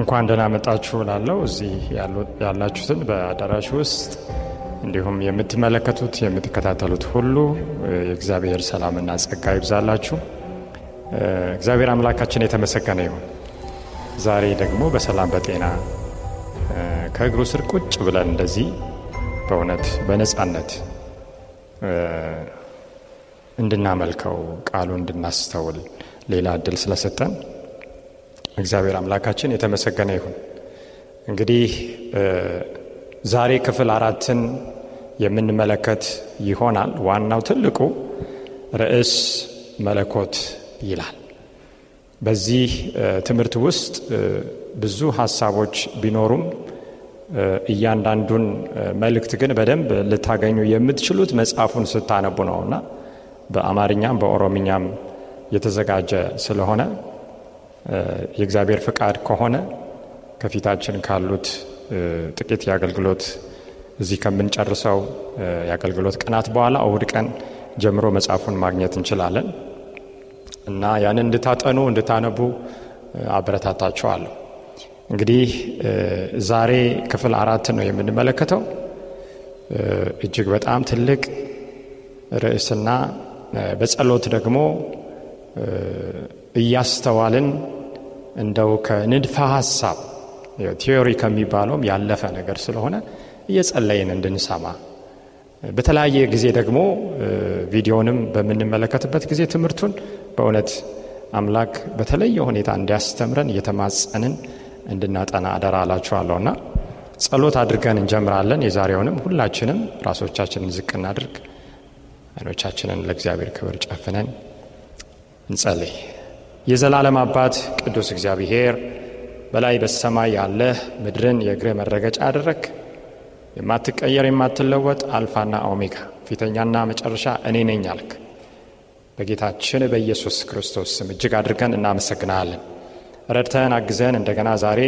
እንኳን ደህና መጣችሁ እላለሁ። እዚህ ያላችሁትን በአዳራሽ ውስጥ እንዲሁም የምትመለከቱት የምትከታተሉት ሁሉ የእግዚአብሔር ሰላምና ጸጋ ይብዛላችሁ። እግዚአብሔር አምላካችን የተመሰገነ ይሁን። ዛሬ ደግሞ በሰላም በጤና ከእግሩ ስር ቁጭ ብለን እንደዚህ በእውነት በነፃነት እንድናመልከው ቃሉ እንድናስተውል ሌላ እድል ስለሰጠን እግዚአብሔር አምላካችን የተመሰገነ ይሁን። እንግዲህ ዛሬ ክፍል አራትን የምንመለከት ይሆናል። ዋናው ትልቁ ርዕስ መለኮት ይላል። በዚህ ትምህርት ውስጥ ብዙ ሀሳቦች ቢኖሩም እያንዳንዱን መልእክት ግን በደንብ ልታገኙ የምትችሉት መጽሐፉን ስታነቡ ነውና በአማርኛም በኦሮምኛም የተዘጋጀ ስለሆነ የእግዚአብሔር ፍቃድ ከሆነ ከፊታችን ካሉት ጥቂት የአገልግሎት እዚህ ከምንጨርሰው የአገልግሎት ቀናት በኋላ እሁድ ቀን ጀምሮ መጽሐፉን ማግኘት እንችላለን እና ያንን እንድታጠኑ እንድታነቡ አበረታታችኋለሁ። እንግዲህ ዛሬ ክፍል አራት ነው የምንመለከተው። እጅግ በጣም ትልቅ ርዕስና በጸሎት ደግሞ እያስተዋልን እንደው ከንድፈ ሀሳብ ቲዮሪ ከሚባለውም ያለፈ ነገር ስለሆነ እየጸለይን እንድንሰማ በተለያየ ጊዜ ደግሞ ቪዲዮንም በምንመለከትበት ጊዜ ትምህርቱን በእውነት አምላክ በተለየ ሁኔታ እንዲያስተምረን እየተማጸንን እንድናጠና አደራ ና ጸሎት አድርገን እንጀምራለን። የዛሬውንም ሁላችንም ራሶቻችንን ዝቅ እናድርግ፣ አይኖቻችንን ለእግዚአብሔር ክብር ጨፍነን እንጸልይ። የዘላለም አባት ቅዱስ እግዚአብሔር በላይ በሰማይ ያለህ ምድርን የእግር መረገጫ አደረግ። የማትቀየር የማትለወጥ አልፋና ኦሜጋ ፊተኛና መጨረሻ እኔ ነኝ አልክ። በጌታችን በኢየሱስ ክርስቶስ ስም እጅግ አድርገን እናመሰግናለን። ረድተን አግዘን እንደገና ዛሬ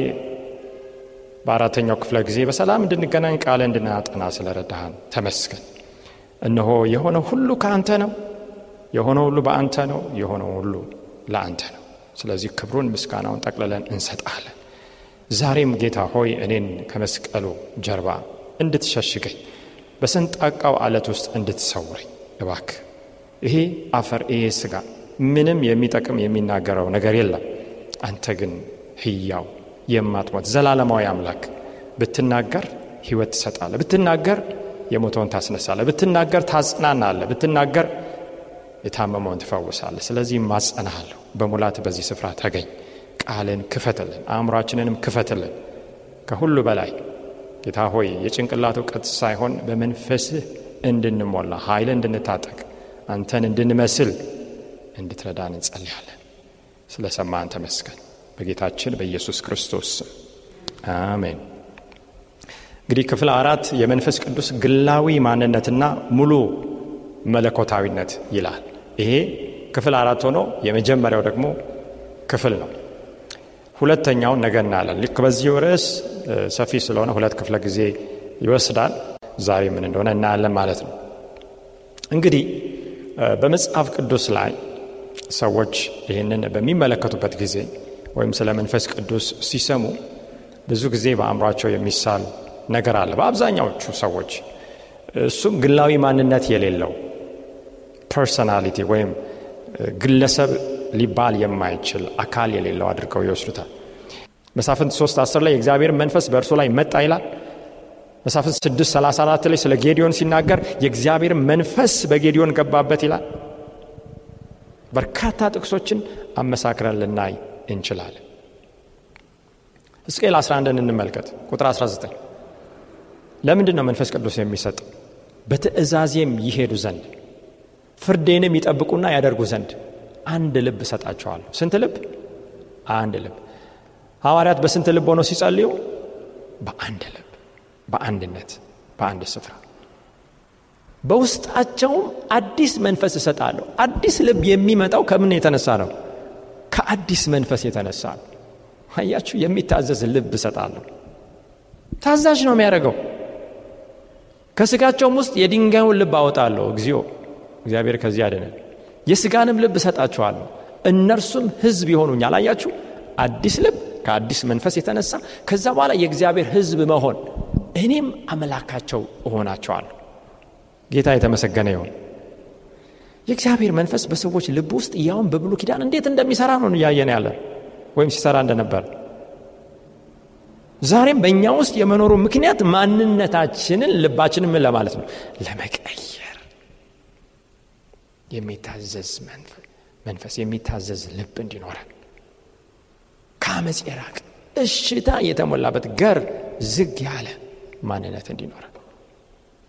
በአራተኛው ክፍለ ጊዜ በሰላም እንድንገናኝ ቃለ እንድናጠና ስለረዳሃን ተመስገን። እነሆ የሆነ ሁሉ ከአንተ ነው፣ የሆነ ሁሉ በአንተ ነው፣ የሆነ ሁሉ ለአንተ ነው። ስለዚህ ክብሩን ምስጋናውን ጠቅልለን እንሰጣለን። ዛሬም ጌታ ሆይ እኔን ከመስቀሉ ጀርባ እንድትሸሽገኝ በሰንጣቃው አለት ውስጥ እንድትሰውረኝ እባክ። ይሄ አፈር ይሄ ስጋ ምንም የሚጠቅም የሚናገረው ነገር የለም። አንተ ግን ህያው የማትሞት ዘላለማዊ አምላክ ብትናገር ህይወት ትሰጣለ፣ ብትናገር የሞተውን ታስነሳለ፣ ብትናገር ታጽናናለ፣ ብትናገር የታመመውን ትፈውሳለህ። ስለዚህ ማጸናሃለሁ። በሙላት በዚህ ስፍራ ተገኝ። ቃልን ክፈትልን፣ አእምሯችንንም ክፈትልን። ከሁሉ በላይ ጌታ ሆይ የጭንቅላት እውቀት ሳይሆን በመንፈስህ እንድንሞላ ኃይል እንድንታጠቅ አንተን እንድንመስል እንድትረዳን እንጸልያለን። ስለ ሰማ ተመስገን። በጌታችን በኢየሱስ ክርስቶስ አሜን። እንግዲህ ክፍል አራት የመንፈስ ቅዱስ ግላዊ ማንነትና ሙሉ መለኮታዊነት ይላል። ይሄ ክፍል አራት ሆኖ የመጀመሪያው ደግሞ ክፍል ነው። ሁለተኛውን ነገ እናያለን። ልክ በዚህ ርዕስ ሰፊ ስለሆነ ሁለት ክፍለ ጊዜ ይወስዳል። ዛሬ ምን እንደሆነ እናያለን ማለት ነው። እንግዲህ በመጽሐፍ ቅዱስ ላይ ሰዎች ይህንን በሚመለከቱበት ጊዜ ወይም ስለ መንፈስ ቅዱስ ሲሰሙ ብዙ ጊዜ በአእምሯቸው የሚሳል ነገር አለ በአብዛኛዎቹ ሰዎች። እሱም ግላዊ ማንነት የሌለው ፐርሶናሊቲ ወይም ግለሰብ ሊባል የማይችል አካል የሌለው አድርገው ይወስዱታል። መሳፍንት 3 10 ላይ የእግዚአብሔር መንፈስ በእርሱ ላይ መጣ ይላል። መሳፍንት 6 34 ላይ ስለ ጌዲዮን ሲናገር የእግዚአብሔር መንፈስ በጌዲዮን ገባበት ይላል። በርካታ ጥቅሶችን አመሳክረን ልናይ እንችላለን። እስቅኤል 11 እንመልከት። ቁጥር 19 ለምንድን ነው መንፈስ ቅዱስ የሚሰጥ? በትእዛዜም ይሄዱ ዘንድ ፍርዴንም ይጠብቁና ያደርጉ ዘንድ አንድ ልብ እሰጣቸዋለሁ። ስንት ልብ? አንድ ልብ። ሐዋርያት በስንት ልብ ሆነው ሲጸልዩ? በአንድ ልብ፣ በአንድነት፣ በአንድ ስፍራ። በውስጣቸውም አዲስ መንፈስ እሰጣለሁ። አዲስ ልብ የሚመጣው ከምን የተነሳ ነው? ከአዲስ መንፈስ የተነሳ ነው። አያችሁ፣ የሚታዘዝ ልብ እሰጣለሁ። ታዛዥ ነው የሚያደርገው። ከስጋቸውም ውስጥ የድንጋዩን ልብ አወጣለሁ እግዚኦ እግዚአብሔር ከዚህ ያደነን። የሥጋንም ልብ እሰጣችኋለሁ እነርሱም ሕዝብ ይሆኑኛል። አያችሁ አዲስ ልብ ከአዲስ መንፈስ የተነሳ ከዛ በኋላ የእግዚአብሔር ሕዝብ መሆን እኔም አምላካቸው እሆናቸዋለሁ። ጌታ የተመሰገነ ይሆን የእግዚአብሔር መንፈስ በሰዎች ልብ ውስጥ እያውን በብሉ ኪዳን እንዴት እንደሚሰራ ነው እያየን ያለ ወይም ሲሰራ እንደነበር ዛሬም በእኛ ውስጥ የመኖሩ ምክንያት ማንነታችንን ልባችንን ምን ለማለት ነው ለመቀየር የሚታዘዝ መንፈስ የሚታዘዝ ልብ እንዲኖረን ከአመፅ የራቅ እሽታ የተሞላበት ገር ዝግ ያለ ማንነት እንዲኖረን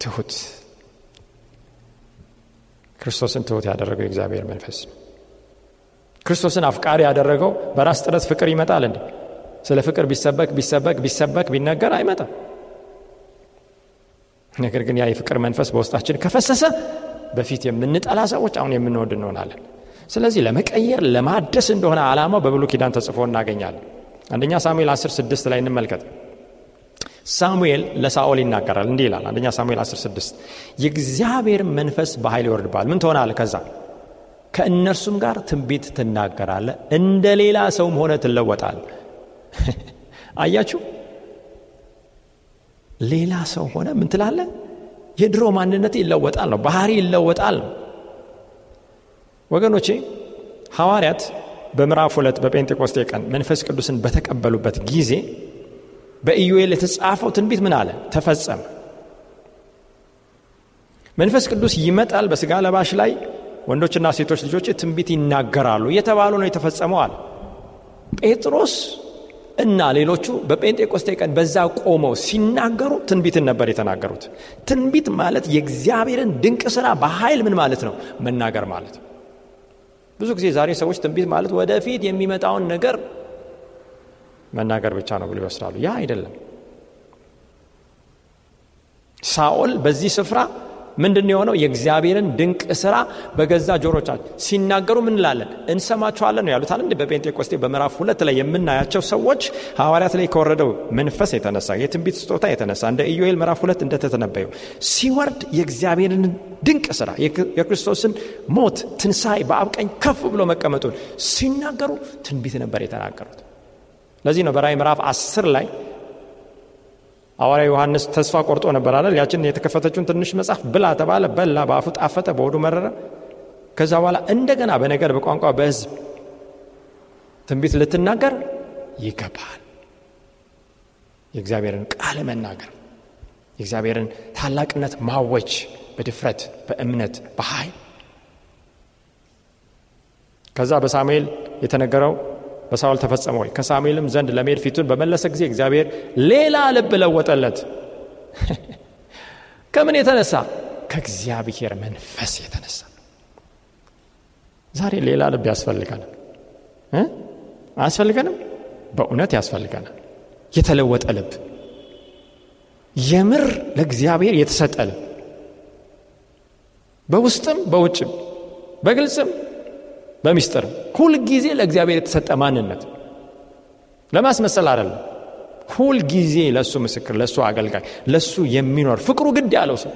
ትሁት ክርስቶስን ትሁት ያደረገው የእግዚአብሔር መንፈስ ክርስቶስን አፍቃሪ ያደረገው በራስ ጥረት ፍቅር ይመጣል እንዴ ስለ ፍቅር ቢሰበክ ቢሰበክ ቢሰበክ ቢነገር አይመጣም ነገር ግን ያ የፍቅር መንፈስ በውስጣችን ከፈሰሰ በፊት የምንጠላ ሰዎች አሁን የምንወድ እንሆናለን ስለዚህ ለመቀየር ለማደስ እንደሆነ አላማው በብሉ ኪዳን ተጽፎ እናገኛለን አንደኛ ሳሙኤል 10 6 ላይ እንመልከት ሳሙኤል ለሳኦል ይናገራል እንዲህ ይላል አንደኛ ሳሙኤል 16 የእግዚአብሔር መንፈስ በኃይል ይወርድባል ምን ትሆናለ ከዛ ከእነርሱም ጋር ትንቢት ትናገራለ እንደ ሌላ ሰውም ሆነ ትለወጣል አያችሁ ሌላ ሰው ሆነ ምን ትላለ የድሮ ማንነት ይለወጣል ነው ባህሪ ይለወጣል ነው ወገኖቼ ሐዋርያት በምዕራፍ ሁለት በጴንጤቆስቴ ቀን መንፈስ ቅዱስን በተቀበሉበት ጊዜ በኢዩኤል የተጻፈው ትንቢት ምን አለ ተፈጸመ መንፈስ ቅዱስ ይመጣል በስጋ ለባሽ ላይ ወንዶችና ሴቶች ልጆች ትንቢት ይናገራሉ የተባሉ ነው የተፈጸመው አለ ጴጥሮስ እና ሌሎቹ በጴንጤቆስቴ ቀን በዛ ቆመው ሲናገሩ ትንቢትን ነበር የተናገሩት። ትንቢት ማለት የእግዚአብሔርን ድንቅ ስራ በኃይል ምን ማለት ነው መናገር ማለት። ብዙ ጊዜ ዛሬ ሰዎች ትንቢት ማለት ወደፊት የሚመጣውን ነገር መናገር ብቻ ነው ብሎ ይወስዳሉ። ያ አይደለም። ሳኦል በዚህ ስፍራ ምንድን የሆነው የእግዚአብሔርን ድንቅ ስራ በገዛ ጆሮቻቸው ሲናገሩ ምንላለን እንሰማቸዋለን ነው ያሉት እንደ በጴንጤቆስቴ በምዕራፍ ሁለት ላይ የምናያቸው ሰዎች ሐዋርያት ላይ ከወረደው መንፈስ የተነሳ የትንቢት ስጦታ የተነሳ እንደ ኢዮኤል ምዕራፍ ሁለት እንደተተነበዩ ሲወርድ የእግዚአብሔርን ድንቅ ስራ የክርስቶስን ሞት ትንሣኤ በአብቀኝ ከፍ ብሎ መቀመጡን ሲናገሩ ትንቢት ነበር የተናገሩት ለዚህ ነው በራይ ምዕራፍ አስር ላይ ሐዋርያ ዮሐንስ ተስፋ ቆርጦ ነበር አይደል? ያችን የተከፈተችውን ትንሽ መጽሐፍ ብላ ተባለ፣ በላ፣ በአፉ ጣፈጠ፣ በወዱ መረረ። ከዛ በኋላ እንደገና በነገር በቋንቋ በህዝብ ትንቢት ልትናገር ይገባል። የእግዚአብሔርን ቃል መናገር፣ የእግዚአብሔርን ታላቅነት ማወጅ በድፍረት በእምነት በኃይል ከዛ በሳሙኤል የተነገረው በሳውል ተፈጸመ ወይ ከሳሙኤልም ዘንድ ለመሄድ ፊቱን በመለሰ ጊዜ እግዚአብሔር ሌላ ልብ ለወጠለት ከምን የተነሳ ከእግዚአብሔር መንፈስ የተነሳ ዛሬ ሌላ ልብ ያስፈልገናል አያስፈልገንም በእውነት ያስፈልገናል የተለወጠ ልብ የምር ለእግዚአብሔር የተሰጠ ልብ በውስጥም በውጭም በግልጽም በሚስጥር ሁልጊዜ ለእግዚአብሔር የተሰጠ ማንነት ለማስመሰል አይደለም። ሁልጊዜ ለእሱ ምስክር፣ ለእሱ አገልጋይ፣ ለእሱ የሚኖር ፍቅሩ ግድ ያለው ሰው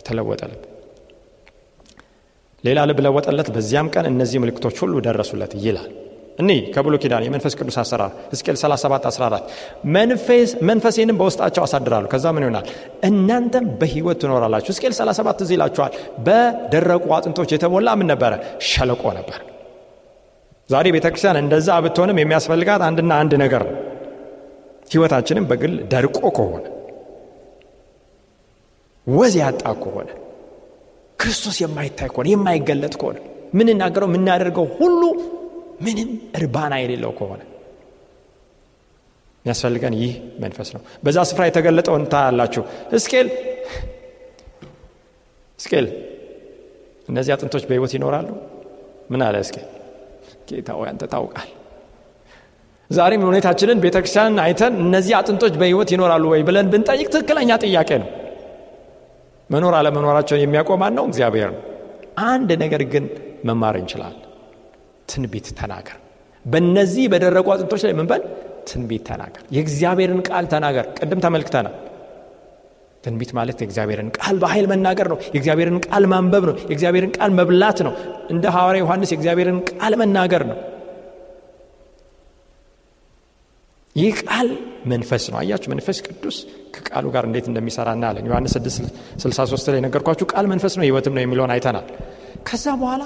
የተለወጠ ልብ ሌላ ልብ ለወጠለት፣ በዚያም ቀን እነዚህ ምልክቶች ሁሉ ደረሱለት ይላል። እኔ ከብሎ ኪዳን የመንፈስ ቅዱስ አሰራር ሕዝቅኤል 37 14 መንፈሴንም በውስጣቸው አሳድራሉ ከዛ ምን ይሆናል? እናንተም በህይወት ትኖራላችሁ። ሕዝቅኤል 37 እዚህ ይላችኋል። በደረቁ አጥንቶች የተሞላ ምን ነበረ? ሸለቆ ነበር። ዛሬ ቤተ ክርስቲያን እንደዛ ብትሆንም የሚያስፈልጋት አንድና አንድ ነገር ነው። ህይወታችንም በግል ደርቆ ከሆነ ወዝ ያጣ ከሆነ ክርስቶስ የማይታይ ከሆነ የማይገለጥ ከሆነ ምንናገረው የምናደርገው ሁሉ ምንም እርባና የሌለው ከሆነ የሚያስፈልገን ይህ መንፈስ ነው በዛ ስፍራ የተገለጠው ታያላችሁ እስቄል እስቄል እነዚህ አጥንቶች በህይወት ይኖራሉ ምን አለ እስኬል ጌታ ወይ አንተ ታውቃል ዛሬም ሁኔታችንን ቤተክርስቲያንን አይተን እነዚህ አጥንቶች በህይወት ይኖራሉ ወይ ብለን ብንጠይቅ ትክክለኛ ጥያቄ ነው መኖር አለመኖራቸውን የሚያቆማን ነው እግዚአብሔር ነው አንድ ነገር ግን መማር እንችላለን ትንቢት ተናገር በነዚህ በደረቁ አጥንቶች ላይ ምንበል ትንቢት ተናገር የእግዚአብሔርን ቃል ተናገር ቅድም ተመልክተናል ትንቢት ማለት የእግዚአብሔርን ቃል በኃይል መናገር ነው የእግዚአብሔርን ቃል ማንበብ ነው የእግዚአብሔርን ቃል መብላት ነው እንደ ሐዋርያ ዮሐንስ የእግዚአብሔርን ቃል መናገር ነው ይህ ቃል መንፈስ ነው አያችሁ መንፈስ ቅዱስ ከቃሉ ጋር እንዴት እንደሚሰራ እናያለን ዮሐንስ 6 63 ላይ ነገርኳችሁ ቃል መንፈስ ነው ህይወትም ነው የሚለውን አይተናል ከዛ በኋላ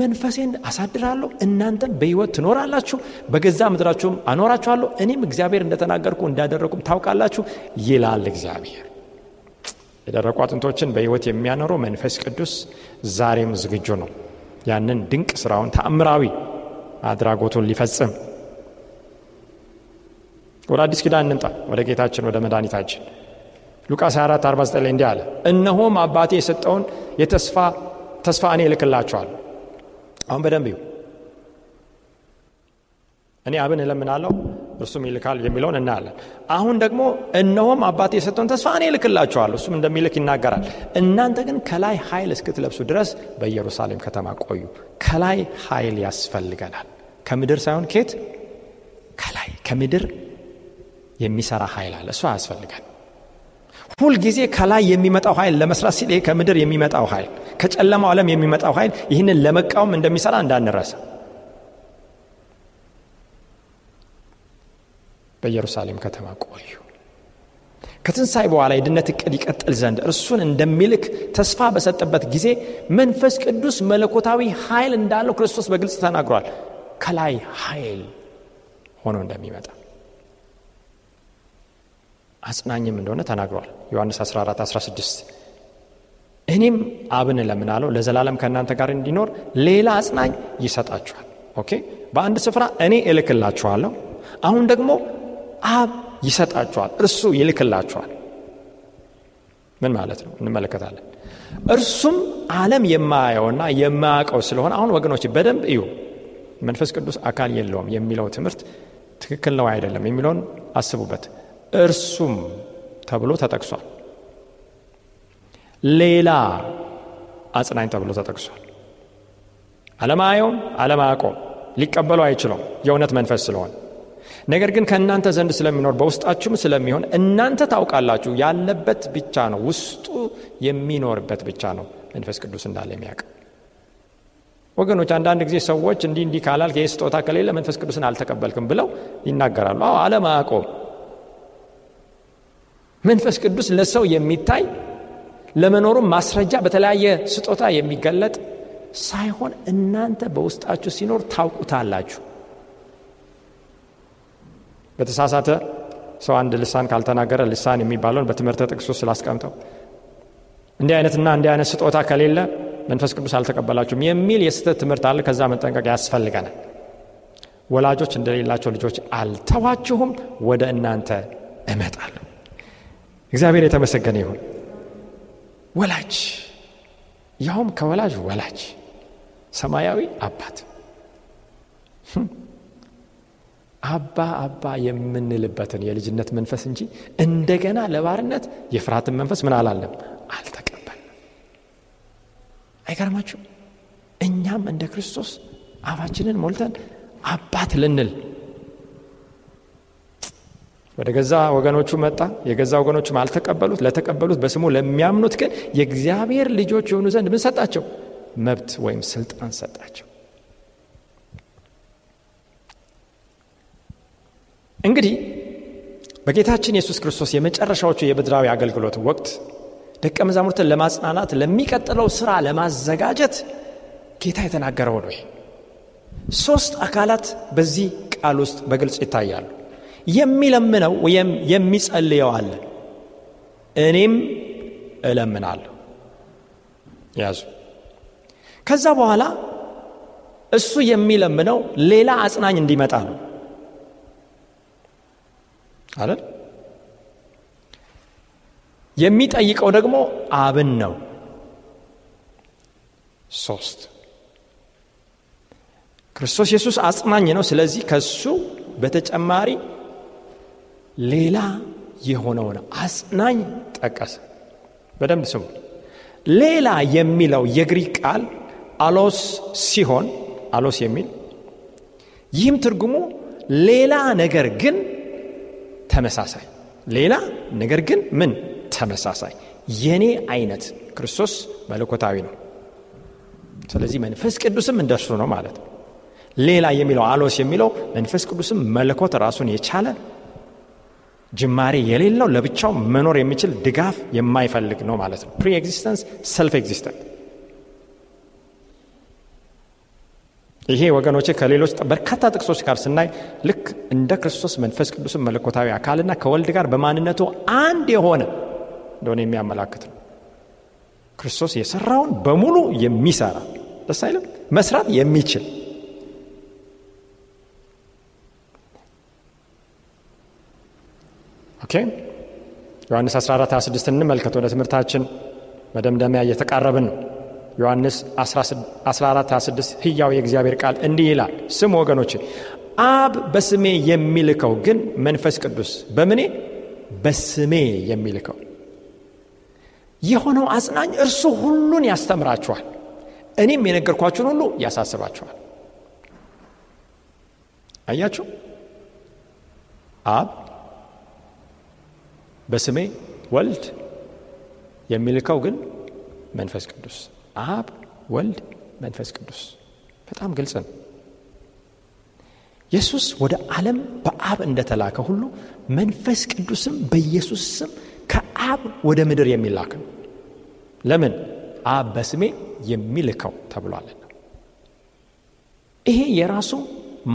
መንፈሴን አሳድራለሁ፣ እናንተም በህይወት ትኖራላችሁ፣ በገዛ ምድራችሁም አኖራችኋለሁ፣ እኔም እግዚአብሔር እንደተናገርኩ እንዳደረኩም ታውቃላችሁ ይላል እግዚአብሔር። የደረቁ አጥንቶችን በህይወት የሚያኖረው መንፈስ ቅዱስ ዛሬም ዝግጁ ነው፣ ያንን ድንቅ ስራውን ተአምራዊ አድራጎቱን ሊፈጽም። ወደ አዲስ ኪዳን እንምጣ፣ ወደ ጌታችን ወደ መድኃኒታችን ሉቃስ 24 49 እንዲህ አለ፣ እነሆም አባቴ የሰጠውን የተስፋ ተስፋ እኔ ይልክላቸዋል። አሁን በደንብ ይሁ እኔ አብን እለምናለሁ እርሱም ይልካል የሚለውን እናያለን። አሁን ደግሞ እነሆም አባት የሰጠውን ተስፋ እኔ እልክላችኋለሁ እሱም እንደሚልክ ይናገራል። እናንተ ግን ከላይ ኃይል እስክትለብሱ ድረስ በኢየሩሳሌም ከተማ ቆዩ። ከላይ ኃይል ያስፈልገናል። ከምድር ሳይሆን ኬት ከላይ ከምድር የሚሰራ ኃይል አለ። እሱ አያስፈልገን። ሁልጊዜ ከላይ የሚመጣው ኃይል ለመስራት ሲል ይሄ ከምድር የሚመጣው ኃይል ከጨለማው ዓለም የሚመጣው ኃይል ይህንን ለመቃወም እንደሚሰራ እንዳንረሳ። በኢየሩሳሌም ከተማ ቆዩ። ከትንሣኤ በኋላ የድነት እቅድ ይቀጥል ዘንድ እርሱን እንደሚልክ ተስፋ በሰጠበት ጊዜ መንፈስ ቅዱስ መለኮታዊ ኃይል እንዳለው ክርስቶስ በግልጽ ተናግሯል። ከላይ ኃይል ሆኖ እንደሚመጣ አጽናኝም እንደሆነ ተናግሯል። ዮሐንስ 14 16 እኔም አብን ለምናለው ለዘላለም ከእናንተ ጋር እንዲኖር ሌላ አጽናኝ ይሰጣችኋል። ኦኬ በአንድ ስፍራ እኔ እልክላችኋለሁ፣ አሁን ደግሞ አብ ይሰጣችኋል፣ እርሱ ይልክላችኋል። ምን ማለት ነው? እንመለከታለን። እርሱም ዓለም የማያየውና የማያውቀው ስለሆነ አሁን ወገኖች በደንብ እዩ። መንፈስ ቅዱስ አካል የለውም የሚለው ትምህርት ትክክል ነው አይደለም የሚለውን አስቡበት። እርሱም ተብሎ ተጠቅሷል። ሌላ አጽናኝ ተብሎ ተጠቅሷል። አለማየውም አለማያቆም ሊቀበሉ አይችለውም የእውነት መንፈስ ስለሆነ። ነገር ግን ከእናንተ ዘንድ ስለሚኖር በውስጣችሁም ስለሚሆን እናንተ ታውቃላችሁ። ያለበት ብቻ ነው፣ ውስጡ የሚኖርበት ብቻ ነው መንፈስ ቅዱስ እንዳለ የሚያውቅ ወገኖች። አንዳንድ ጊዜ ሰዎች እንዲህ እንዲህ ካላል ይህ ስጦታ ከሌለ መንፈስ ቅዱስን አልተቀበልክም ብለው ይናገራሉ። አዎ አለማያቆም መንፈስ ቅዱስ ለሰው የሚታይ ለመኖሩም ማስረጃ በተለያየ ስጦታ የሚገለጥ ሳይሆን እናንተ በውስጣችሁ ሲኖር ታውቁታላችሁ። በተሳሳተ ሰው አንድ ልሳን ካልተናገረ ልሳን የሚባለውን በትምህርተ ጥቅሱ ስላስቀምጠው እንዲህ አይነትና እንዲህ አይነት ስጦታ ከሌለ መንፈስ ቅዱስ አልተቀበላችሁም የሚል የስህተት ትምህርት አለ። ከዛ መጠንቀቅ ያስፈልገናል። ወላጆች እንደሌላቸው ልጆች አልተዋችሁም፣ ወደ እናንተ እመጣለሁ። እግዚአብሔር የተመሰገነ ይሁን። ወላጅ ያውም ከወላጅ ወላጅ ሰማያዊ አባት አባ አባ የምንልበትን የልጅነት መንፈስ እንጂ እንደገና ለባርነት የፍርሃትን መንፈስ ምን አላለም አልተቀበልንም አይገርማችሁ እኛም እንደ ክርስቶስ አፋችንን ሞልተን አባት ልንል ወደ ገዛ ወገኖቹ መጣ። የገዛ ወገኖቹም አልተቀበሉት። ለተቀበሉት በስሙ ለሚያምኑት ግን የእግዚአብሔር ልጆች የሆኑ ዘንድ ምን ሰጣቸው? መብት ወይም ስልጣን ሰጣቸው። እንግዲህ በጌታችን ኢየሱስ ክርስቶስ የመጨረሻዎቹ የምድራዊ አገልግሎት ወቅት ደቀ መዛሙርትን ለማጽናናት ለሚቀጥለው ስራ ለማዘጋጀት ጌታ የተናገረው ነው። ሶስት አካላት በዚህ ቃል ውስጥ በግልጽ ይታያሉ። የሚለምነው ወይም የሚጸልየው አለ እኔም እለምናለሁ ያዙ ከዛ በኋላ እሱ የሚለምነው ሌላ አጽናኝ እንዲመጣ ነው አለ የሚጠይቀው ደግሞ አብን ነው ሶስት ክርስቶስ ኢየሱስ አጽናኝ ነው ስለዚህ ከሱ በተጨማሪ ሌላ የሆነውን አጽናኝ ጠቀሰ። በደንብ ስሙ። ሌላ የሚለው የግሪክ ቃል አሎስ ሲሆን አሎስ የሚል ይህም ትርጉሙ ሌላ ነገር ግን ተመሳሳይ፣ ሌላ ነገር ግን ምን ተመሳሳይ፣ የኔ አይነት ክርስቶስ መለኮታዊ ነው። ስለዚህ መንፈስ ቅዱስም እንደሱ ነው ማለት ነው። ሌላ የሚለው አሎስ የሚለው መንፈስ ቅዱስም መለኮት ራሱን የቻለ ጅማሬ የሌለው ለብቻው መኖር የሚችል ድጋፍ የማይፈልግ ነው ማለት ነው። ፕሪኤግዚስተንስ ሰልፍ ኤግዚስተንት። ይሄ ወገኖች ከሌሎች በርካታ ጥቅሶች ጋር ስናይ ልክ እንደ ክርስቶስ መንፈስ ቅዱስን መለኮታዊ አካልና ከወልድ ጋር በማንነቱ አንድ የሆነ እንደሆነ የሚያመላክት ነው። ክርስቶስ የሰራውን በሙሉ የሚሰራ ደስ አይልም? መስራት የሚችል ኦኬ ዮሐንስ 14 26 እንመልከት። ወደ ትምህርታችን መደምደሚያ እየተቃረብን ነው። ዮሐንስ 14 26 ህያው የእግዚአብሔር ቃል እንዲህ ይላል፣ ስሙ ወገኖች፣ አብ በስሜ የሚልከው ግን መንፈስ ቅዱስ በምኔ በስሜ የሚልከው የሆነው አጽናኝ እርሱ ሁሉን ያስተምራችኋል፣ እኔም የነገርኳችሁን ሁሉ ያሳስባችኋል። አያችሁ አብ በስሜ ወልድ የሚልከው ግን መንፈስ ቅዱስ አብ ወልድ መንፈስ ቅዱስ በጣም ግልጽ ነው ኢየሱስ ወደ ዓለም በአብ እንደተላከ ሁሉ መንፈስ ቅዱስም በኢየሱስ ስም ከአብ ወደ ምድር የሚላክ ነው ለምን አብ በስሜ የሚልከው ተብሏለን ይሄ የራሱ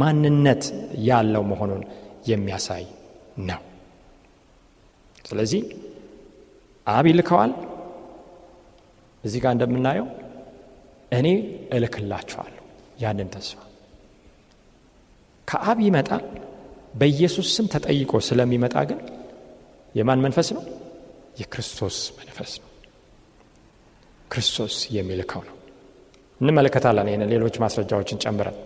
ማንነት ያለው መሆኑን የሚያሳይ ነው ስለዚህ አብ ይልከዋል። እዚህ ጋር እንደምናየው እኔ እልክላችኋለሁ ያንን ተስፋ ከአብ ይመጣል። በኢየሱስ ስም ተጠይቆ ስለሚመጣ ግን የማን መንፈስ ነው? የክርስቶስ መንፈስ ነው። ክርስቶስ የሚልከው ነው። እንመለከታለን። ይህን ሌሎች ማስረጃዎችን ጨምረን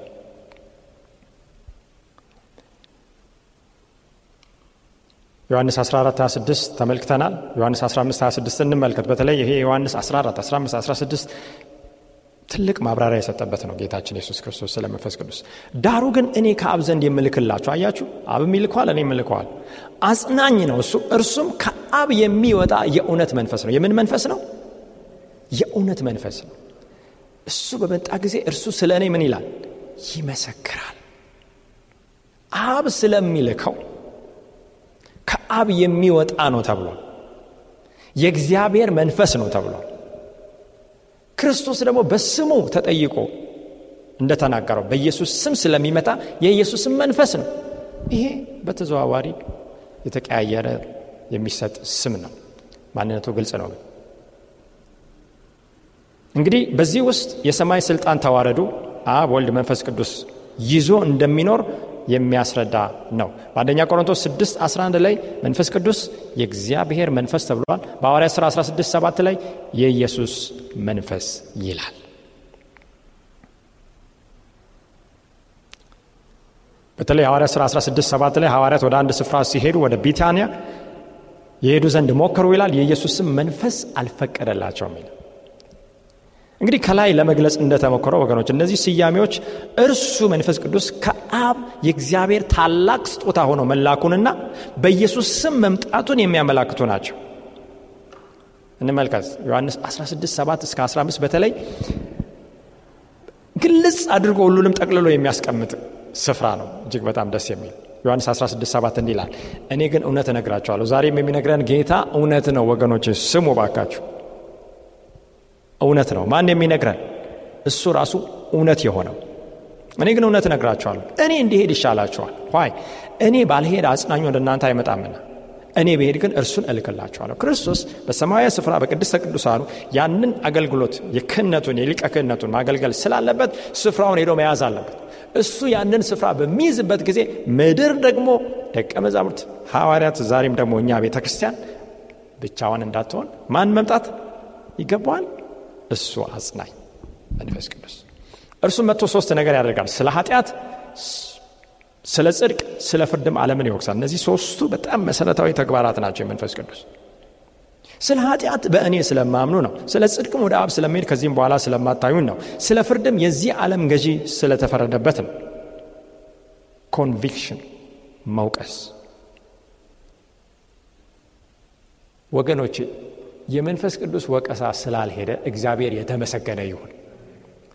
ዮሐንስ 1426 ተመልክተናል። ዮሐንስ 1526 እንመልከት። በተለይ ይሄ ዮሐንስ 14 ትልቅ ማብራሪያ የሰጠበት ነው ጌታችን የሱስ ክርስቶስ ስለ መንፈስ ቅዱስ። ዳሩ ግን እኔ ከአብ ዘንድ የምልክላችሁ አያችሁ፣ አብም ይልከዋል፣ እኔ የምልከዋል። አጽናኝ ነው እሱ እርሱም ከአብ የሚወጣ የእውነት መንፈስ ነው። የምን መንፈስ ነው? የእውነት መንፈስ ነው። እሱ በመጣ ጊዜ እርሱ ስለ እኔ ምን ይላል? ይመሰክራል። አብ ስለሚልከው ከአብ የሚወጣ ነው ተብሏል። የእግዚአብሔር መንፈስ ነው ተብሏል። ክርስቶስ ደግሞ በስሙ ተጠይቆ እንደተናገረው በኢየሱስ ስም ስለሚመጣ የኢየሱስም መንፈስ ነው። ይሄ በተዘዋዋሪ የተቀያየረ የሚሰጥ ስም ነው። ማንነቱ ግልጽ ነው። ግን እንግዲህ በዚህ ውስጥ የሰማይ ስልጣን ተዋረዱ አብ፣ ወልድ፣ መንፈስ ቅዱስ ይዞ እንደሚኖር የሚያስረዳ ነው። በአንደኛ ቆሮንቶስ 6 11 ላይ መንፈስ ቅዱስ የእግዚአብሔር መንፈስ ተብሏል። በሐዋርያ ሥራ 16 7 ላይ የኢየሱስ መንፈስ ይላል። በተለይ ሐዋርያ ሥራ 16 7 ላይ ሐዋርያት ወደ አንድ ስፍራ ሲሄዱ ወደ ቢታንያ የሄዱ ዘንድ ሞከሩ ይላል። የኢየሱስም ስም መንፈስ አልፈቀደላቸውም ይላል። እንግዲህ ከላይ ለመግለጽ እንደተሞከረው ወገኖች እነዚህ ስያሜዎች እርሱ መንፈስ ቅዱስ ከአብ የእግዚአብሔር ታላቅ ስጦታ ሆኖ መላኩንና በኢየሱስ ስም መምጣቱን የሚያመላክቱ ናቸው እንመልከት ዮሐንስ 16 እስከ 15 በተለይ ግልጽ አድርጎ ሁሉንም ጠቅልሎ የሚያስቀምጥ ስፍራ ነው እጅግ በጣም ደስ የሚል ዮሐንስ 167 እንዲላል እኔ ግን እውነት እነግራቸዋለሁ ዛሬም የሚነግረን ጌታ እውነት ነው ወገኖች ስሙ ባካችሁ እውነት ነው ማን የሚነግረን እሱ ራሱ እውነት የሆነው እኔ ግን እውነት እነግራቸዋለሁ እኔ እንዲሄድ ይሻላቸዋል ይ እኔ ባልሄድ አጽናኙ ወደ እናንተ አይመጣምና እኔ ብሄድ ግን እርሱን እልክላቸዋለሁ ክርስቶስ በሰማያዊ ስፍራ በቅድስተ ቅዱሳኑ ያንን አገልግሎት የክህነቱን የሊቀ ክህነቱን ማገልገል ስላለበት ስፍራውን ሄዶ መያዝ አለበት እሱ ያንን ስፍራ በሚይዝበት ጊዜ ምድር ደግሞ ደቀ መዛሙርት ሐዋርያት ዛሬም ደግሞ እኛ ቤተ ክርስቲያን ብቻዋን እንዳትሆን ማን መምጣት ይገባዋል እሱ አጽናኝ መንፈስ ቅዱስ እርሱም መጥቶ ሶስት ነገር ያደርጋል ስለ ኃጢአት ስለ ጽድቅ ስለ ፍርድም ዓለምን ይወቅሳል እነዚህ ሶስቱ በጣም መሰረታዊ ተግባራት ናቸው የመንፈስ ቅዱስ ስለ ኃጢአት በእኔ ስለማምኑ ነው ስለ ጽድቅም ወደ አብ ስለሚሄድ ከዚህም በኋላ ስለማታዩን ነው ስለ ፍርድም የዚህ ዓለም ገዢ ስለተፈረደበት ነው ኮንቪክሽን መውቀስ ወገኖቼ የመንፈስ ቅዱስ ወቀሳ ስላልሄደ እግዚአብሔር የተመሰገነ ይሁን።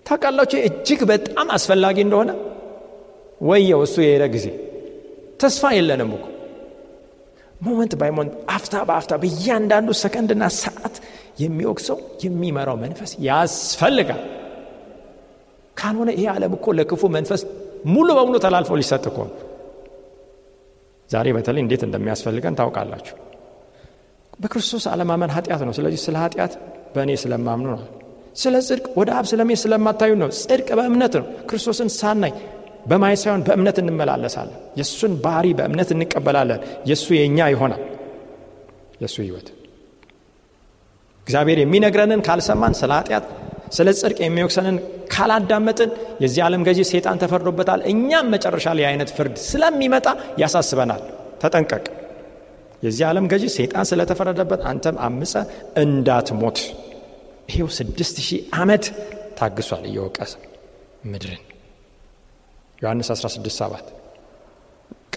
ታውቃላችሁ እጅግ በጣም አስፈላጊ እንደሆነ ወየው እሱ የሄደ ጊዜ ተስፋ የለንም እኮ ሞመንት ባይ ሞመንት አፍታ በአፍታ በእያንዳንዱ ሰከንድና ሰዓት የሚወቅሰው የሚመራው መንፈስ ያስፈልጋል። ካልሆነ ይሄ ዓለም እኮ ለክፉ መንፈስ ሙሉ በሙሉ ተላልፎ ሊሰጥ እኮ ዛሬ በተለይ እንዴት እንደሚያስፈልገን ታውቃላችሁ። በክርስቶስ አለማመን ኃጢአት ነው። ስለዚህ ስለ ኃጢአት በእኔ ስለማምኑ ነው። ስለ ጽድቅ ወደ አብ ስለመሄድ ስለማታዩ ነው። ጽድቅ በእምነት ነው። ክርስቶስን ሳናይ በማየት ሳይሆን በእምነት እንመላለሳለን። የእሱን ባህሪ በእምነት እንቀበላለን። የእሱ የእኛ ይሆናል። የእሱ ህይወት እግዚአብሔር የሚነግረንን ካልሰማን ስለ ኃጢአት ስለ ጽድቅ የሚወቅሰንን ካላዳመጥን የዚህ ዓለም ገዢ ሴጣን ተፈርዶበታል። እኛም መጨረሻ ላይ አይነት ፍርድ ስለሚመጣ ያሳስበናል። ተጠንቀቅ። የዚህ ዓለም ገዢ ሴጣን ስለተፈረደበት አንተም አምፀ እንዳትሞት ይሄው ስድስት ሺህ ዓመት ታግሷል እየወቀሰ ምድርን ዮሐንስ 16 7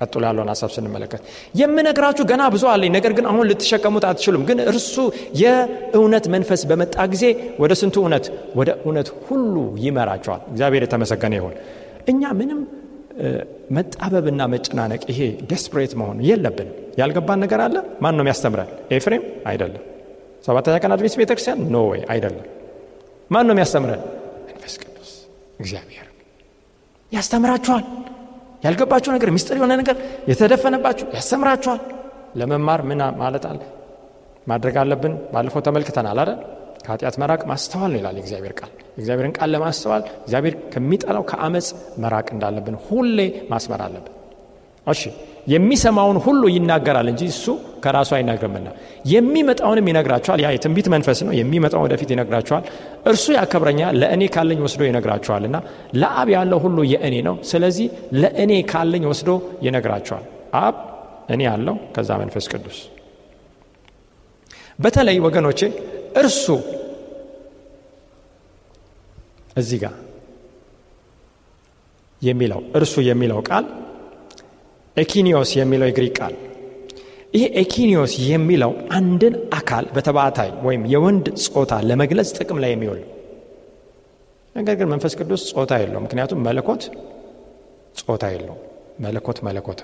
ቀጥሎ ያለውን ሀሳብ ስንመለከት የምነግራችሁ ገና ብዙ አለኝ፣ ነገር ግን አሁን ልትሸከሙት አትችሉም። ግን እርሱ የእውነት መንፈስ በመጣ ጊዜ ወደ ስንቱ እውነት ወደ እውነት ሁሉ ይመራቸዋል። እግዚአብሔር የተመሰገነ ይሆን እኛ ምንም መጣበብና መጨናነቅ ይሄ ዴስፕሬት መሆን የለብን ያልገባን ነገር አለ። ማን ነው የሚያስተምረን? ኤፍሬም አይደለም። ሰባተኛ ቀን አድቬንቲስት ቤተክርስቲያን ኖ ወይ አይደለም። ማን ነው የሚያስተምረን? መንፈስ ቅዱስ እግዚአብሔር ያስተምራችኋል። ያልገባችሁ ነገር፣ ሚስጥር የሆነ ነገር የተደፈነባችሁ ያስተምራችኋል። ለመማር ምን ማለት አለ ማድረግ አለብን። ባለፈው ተመልክተናል አይደል? ከኃጢአት መራቅ ማስተዋል ነው ይላል የእግዚአብሔር ቃል። የእግዚአብሔርን ቃል ለማስተዋል እግዚአብሔር ከሚጠላው ከአመፅ መራቅ እንዳለብን ሁሌ ማስመር አለብን። እሺ የሚሰማውን ሁሉ ይናገራል እንጂ እሱ ከራሱ አይናገርምና የሚመጣውንም ይነግራቸዋል ያ የትንቢት መንፈስ ነው። የሚመጣውን ወደፊት ይነግራቸዋል። እርሱ ያከብረኛ ለእኔ ካለኝ ወስዶ ይነግራችኋልና ለአብ ያለው ሁሉ የእኔ ነው። ስለዚህ ለእኔ ካለኝ ወስዶ ይነግራቸዋል አብ እኔ አለው፣ ከዛ መንፈስ ቅዱስ በተለይ ወገኖቼ እርሱ እዚህ ጋር የሚለው እርሱ የሚለው ቃል ኤኪኒዮስ የሚለው የግሪክ ቃል ይህ ኤኪኒዮስ የሚለው አንድን አካል በተባታይ ወይም የወንድ ጾታ ለመግለጽ ጥቅም ላይ የሚውል ነገር ግን መንፈስ ቅዱስ ጾታ የለው ምክንያቱም መለኮት ጾታ የለው መለኮት መለኮት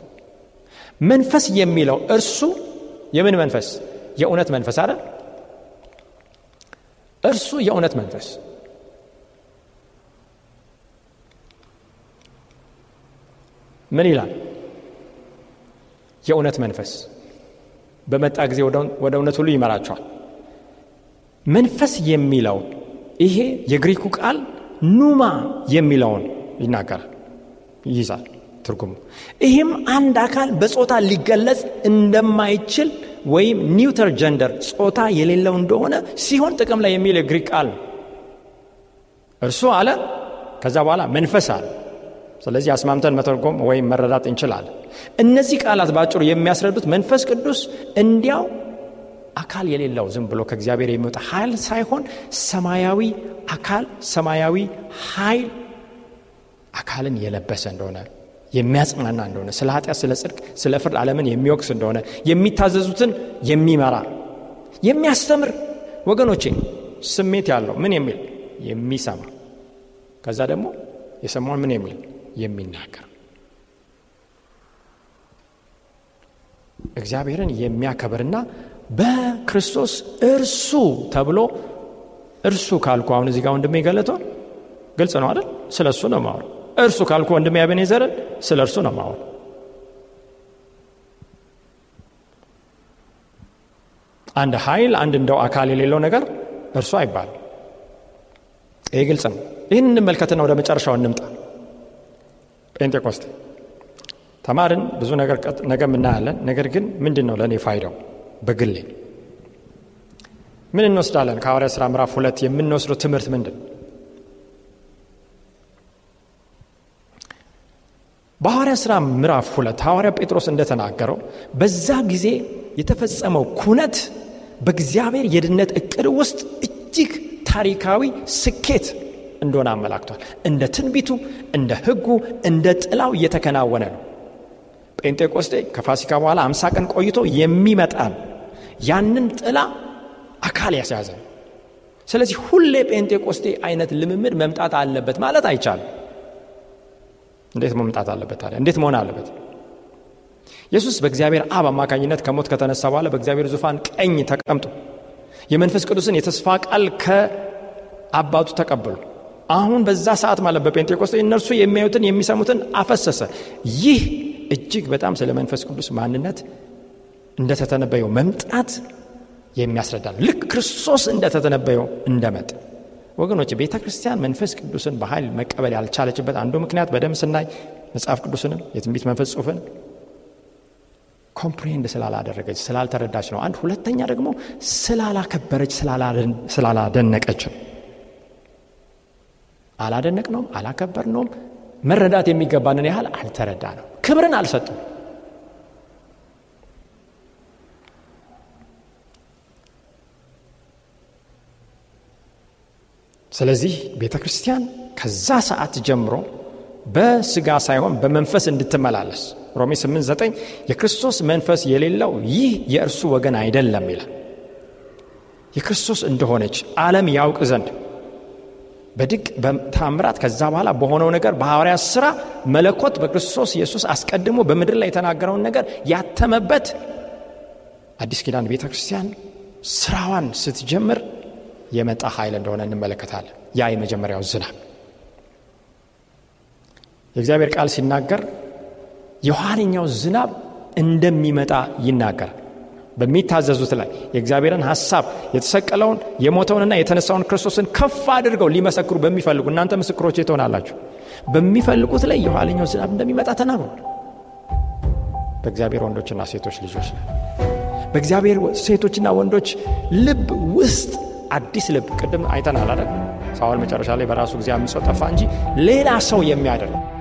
መንፈስ የሚለው እርሱ የምን መንፈስ የእውነት መንፈስ አይደል እርሱ የእውነት መንፈስ ምን ይላል? የእውነት መንፈስ በመጣ ጊዜ ወደ እውነት ሁሉ ይመራቸዋል። መንፈስ የሚለውን ይሄ የግሪኩ ቃል ኑማ የሚለውን ይናገራል ይይዛል ትርጉሙ። ይህም አንድ አካል በጾታ ሊገለጽ እንደማይችል ወይም ኒውተር ጀንደር ጾታ የሌለው እንደሆነ ሲሆን ጥቅም ላይ የሚል የግሪክ ቃል እርሱ አለ ከዛ በኋላ መንፈስ አለ ስለዚህ አስማምተን መተርጎም ወይም መረዳት እንችላለን እነዚህ ቃላት በአጭሩ የሚያስረዱት መንፈስ ቅዱስ እንዲያው አካል የሌለው ዝም ብሎ ከእግዚአብሔር የሚወጣ ኃይል ሳይሆን ሰማያዊ አካል ሰማያዊ ኃይል አካልን የለበሰ እንደሆነ የሚያጽናና እንደሆነ ስለ ኃጢአት፣ ስለ ጽድቅ፣ ስለ ፍርድ ዓለምን የሚወቅስ እንደሆነ የሚታዘዙትን የሚመራ የሚያስተምር ወገኖቼ ስሜት ያለው ምን የሚል የሚሰማ ከዛ ደግሞ የሰማውን ምን የሚል የሚናገር እግዚአብሔርን የሚያከብርና በክርስቶስ እርሱ ተብሎ እርሱ ካልኩ አሁን እዚህ ጋር ወንድሜ ገለቷል ግልጽ ነው አይደል? ስለ እሱ ነው ማወራው። እርሱ ካልኩ ወንድም ያቤኔዘርን ስለ እርሱ ነው ማሆን አንድ ኃይል አንድ እንደው አካል የሌለው ነገር እርሱ አይባልም ይህ ግልጽ ነው ይህን እንመልከትና ወደ መጨረሻው እንምጣ ጴንጤቆስቴ ተማርን ብዙ ነገር እናያለን ነገር ግን ምንድን ነው ለእኔ ፋይዳው በግሌ ምን እንወስዳለን ከሐዋርያ ሥራ ምዕራፍ ሁለት የምንወስደው ትምህርት ምንድን ነው በሐዋርያ ሥራ ምዕራፍ ሁለት ሐዋርያ ጴጥሮስ እንደተናገረው በዛ ጊዜ የተፈጸመው ኩነት በእግዚአብሔር የድነት እቅድ ውስጥ እጅግ ታሪካዊ ስኬት እንደሆነ አመላክቷል። እንደ ትንቢቱ፣ እንደ ሕጉ፣ እንደ ጥላው እየተከናወነ ነው። ጴንጤቆስጤ ከፋሲካ በኋላ አምሳ ቀን ቆይቶ የሚመጣ ነው። ያንን ጥላ አካል ያስያዘ ነው። ስለዚህ ሁሌ ጴንጤቆስጤ አይነት ልምምድ መምጣት አለበት ማለት አይቻልም። እንዴት መምጣት አለበት ታዲያ? እንዴት መሆን አለበት? ኢየሱስ በእግዚአብሔር አብ አማካኝነት ከሞት ከተነሳ በኋላ በእግዚአብሔር ዙፋን ቀኝ ተቀምጦ የመንፈስ ቅዱስን የተስፋ ቃል ከአባቱ ተቀበሉ። አሁን በዛ ሰዓት ማለት በጴንጤቆስጤ እነርሱ የሚያዩትን የሚሰሙትን አፈሰሰ። ይህ እጅግ በጣም ስለ መንፈስ ቅዱስ ማንነት እንደተተነበየው መምጣት የሚያስረዳ ልክ ክርስቶስ እንደተተነበየው እንደመጥ ወገኖች ቤተ ክርስቲያን መንፈስ ቅዱስን በኃይል መቀበል ያልቻለችበት አንዱ ምክንያት በደም ስናይ መጽሐፍ ቅዱስንም የትንቢት መንፈስ ጽሁፍን ኮምፕሪሄንድ ስላላደረገች ስላልተረዳች ነው አንድ ሁለተኛ ደግሞ ስላላከበረች ስላላደነቀች ነው አላደነቅ ነውም አላከበር ነውም መረዳት የሚገባንን ያህል አልተረዳ ነው ክብርን አልሰጡም ስለዚህ ቤተ ክርስቲያን ከዛ ሰዓት ጀምሮ በስጋ ሳይሆን በመንፈስ እንድትመላለስ ሮሜ 89 የክርስቶስ መንፈስ የሌለው ይህ የእርሱ ወገን አይደለም ይላል። የክርስቶስ እንደሆነች ዓለም ያውቅ ዘንድ በድቅ በታምራት ከዛ በኋላ በሆነው ነገር በሐዋርያ ሥራ መለኮት በክርስቶስ ኢየሱስ አስቀድሞ በምድር ላይ የተናገረውን ነገር ያተመበት አዲስ ኪዳን ቤተ ክርስቲያን ስራዋን ስትጀምር የመጣ ኃይል እንደሆነ እንመለከታለን። ያ የመጀመሪያው ዝናብ የእግዚአብሔር ቃል ሲናገር የኋለኛው ዝናብ እንደሚመጣ ይናገራል። በሚታዘዙት ላይ የእግዚአብሔርን ሐሳብ የተሰቀለውን የሞተውንና የተነሳውን ክርስቶስን ከፍ አድርገው ሊመሰክሩ በሚፈልጉ እናንተ ምስክሮች ትሆናላችሁ በሚፈልጉት ላይ የኋለኛው ዝናብ እንደሚመጣ ተናግሯል። በእግዚአብሔር ወንዶችና ሴቶች ልጆች ላይ በእግዚአብሔር ሴቶችና ወንዶች ልብ ውስጥ አዲስ ልብ ቅድም አይተናል አይደል? ሳውል መጨረሻ ላይ በራሱ ጊዜ አምጾ ጠፋ እንጂ ሌላ ሰው የሚያደርግ